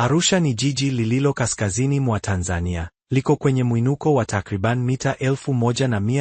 Arusha ni jiji lililo kaskazini mwa Tanzania, liko kwenye mwinuko wa takriban mita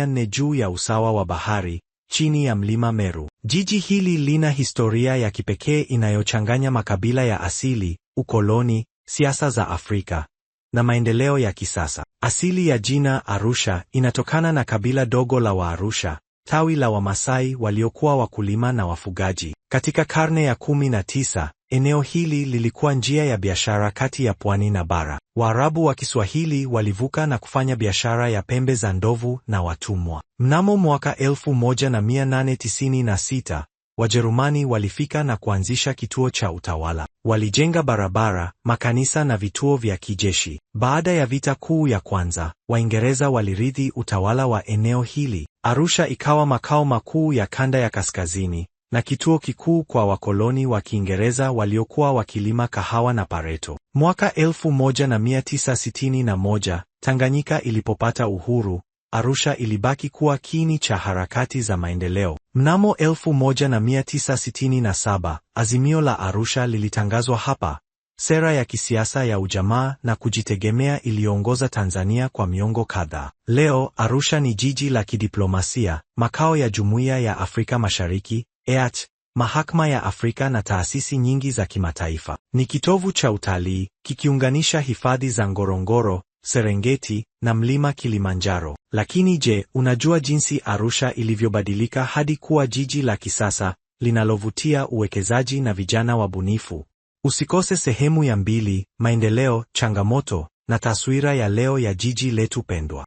nne juu ya usawa wa bahari, chini ya mlima Meru. Jiji hili lina historia ya kipekee inayochanganya makabila ya asili, ukoloni, siasa za Afrika na maendeleo ya kisasa. Asili ya jina Arusha inatokana na kabila dogo la Waarusha, tawi la Wamasai waliokuwa wakulima na wafugaji. Katika karne ya 19, Eneo hili lilikuwa njia ya biashara kati ya pwani na bara. Waarabu wa Kiswahili walivuka na kufanya biashara ya pembe za ndovu na watumwa. Mnamo mwaka 1896 Wajerumani walifika na kuanzisha kituo cha utawala. Walijenga barabara, makanisa na vituo vya kijeshi. Baada ya vita kuu ya kwanza, Waingereza walirithi utawala wa eneo hili. Arusha ikawa makao makuu ya kanda ya kaskazini, na kituo kikuu kwa wakoloni wa Kiingereza waliokuwa wakilima kahawa na pareto. Mwaka 1961 Tanganyika ilipopata uhuru, Arusha ilibaki kuwa kiini cha harakati za maendeleo. Mnamo 1967 Azimio la Arusha lilitangazwa hapa, sera ya kisiasa ya ujamaa na kujitegemea iliyoongoza Tanzania kwa miongo kadhaa. Leo Arusha ni jiji la kidiplomasia, makao ya Jumuiya ya Afrika Mashariki, EAC, mahakama ya Afrika na taasisi nyingi za kimataifa. Ni kitovu cha utalii kikiunganisha hifadhi za Ngorongoro, Serengeti na mlima Kilimanjaro. Lakini je, unajua jinsi Arusha ilivyobadilika hadi kuwa jiji la kisasa linalovutia uwekezaji na vijana wabunifu? Usikose sehemu ya mbili, maendeleo, changamoto na taswira ya leo ya jiji letu pendwa.